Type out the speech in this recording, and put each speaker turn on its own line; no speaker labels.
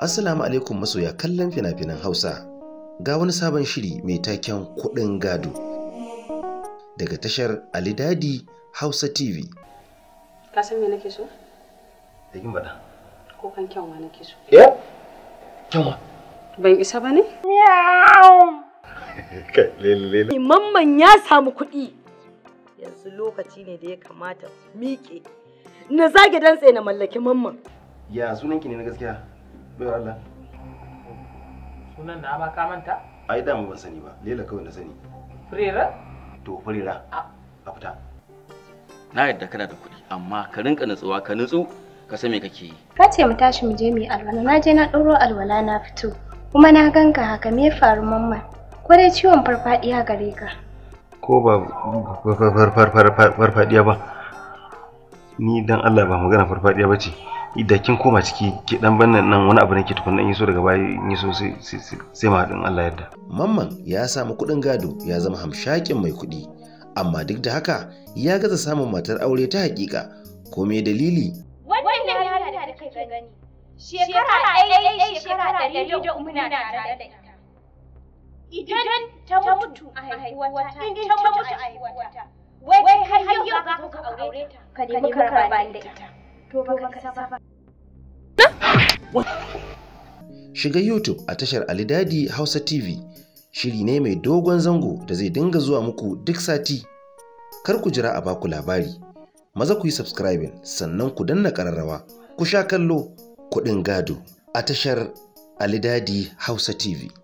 Assalamu alaikum masoya kallon fina-finan Hausa. Ga wani sabon shiri mai taken kuɗin gado. Daga tashar Ali Dadi Hausa TV. Ka san me nake so? Da eh, kin Ko kan kyanwa nake so. Ya? Kyanwa. Ban isa ba ne? Miau. Lele. Mamman ya samu kuɗi. Yanzu lokaci ne da ya kamata miƙe. Na zage dantse na mallaki mamman. Ya sunanki ne na gaskiya? bai Allah sunan na ba ka manta ai da ban sani ba lela kawai na sani furera to furera a fita na yadda kana da kuɗi amma ka rinka nutsuwa ka nutsu ka san me kake yi ka ce mu tashi mu je mu yi alwala na je na ɗoro alwala na fito kuma na ganka haka me faru mamman ko dai ciwon farfadiya gare ka ko ba farfadiya ba ni dan Allah ba magana farfadiya ba ce idan kin koma ciki ki dan bannan nan wani abu nake tukunna in yi so daga baya in yi so sai ma haɗin Allah yadda. Mamman ya samu kuɗin gado ya zama hamshakin mai kuɗi amma duk da haka ya gaza samun matar aure ta hakika ko me dalili. Wannan yara da kai ka gani shekara ɗaya shekara ɗari da umuna tare da ita. Idan ta mutu a haihuwata, in ta mutu a haihuwata, wai har yau za ka aure ta, ka nemi karɓa da ita. Shiga YouTube a tashar Ali Dadi Hausa TV shiri ne mai dogon zango da zai dinga zuwa muku duk sati. Kar ku jira a baku labari. Maza ku yi subscribing sannan ku danna ƙararrawa. Ku sha kallo kuɗin gado a tashar Ali Dadi Hausa TV.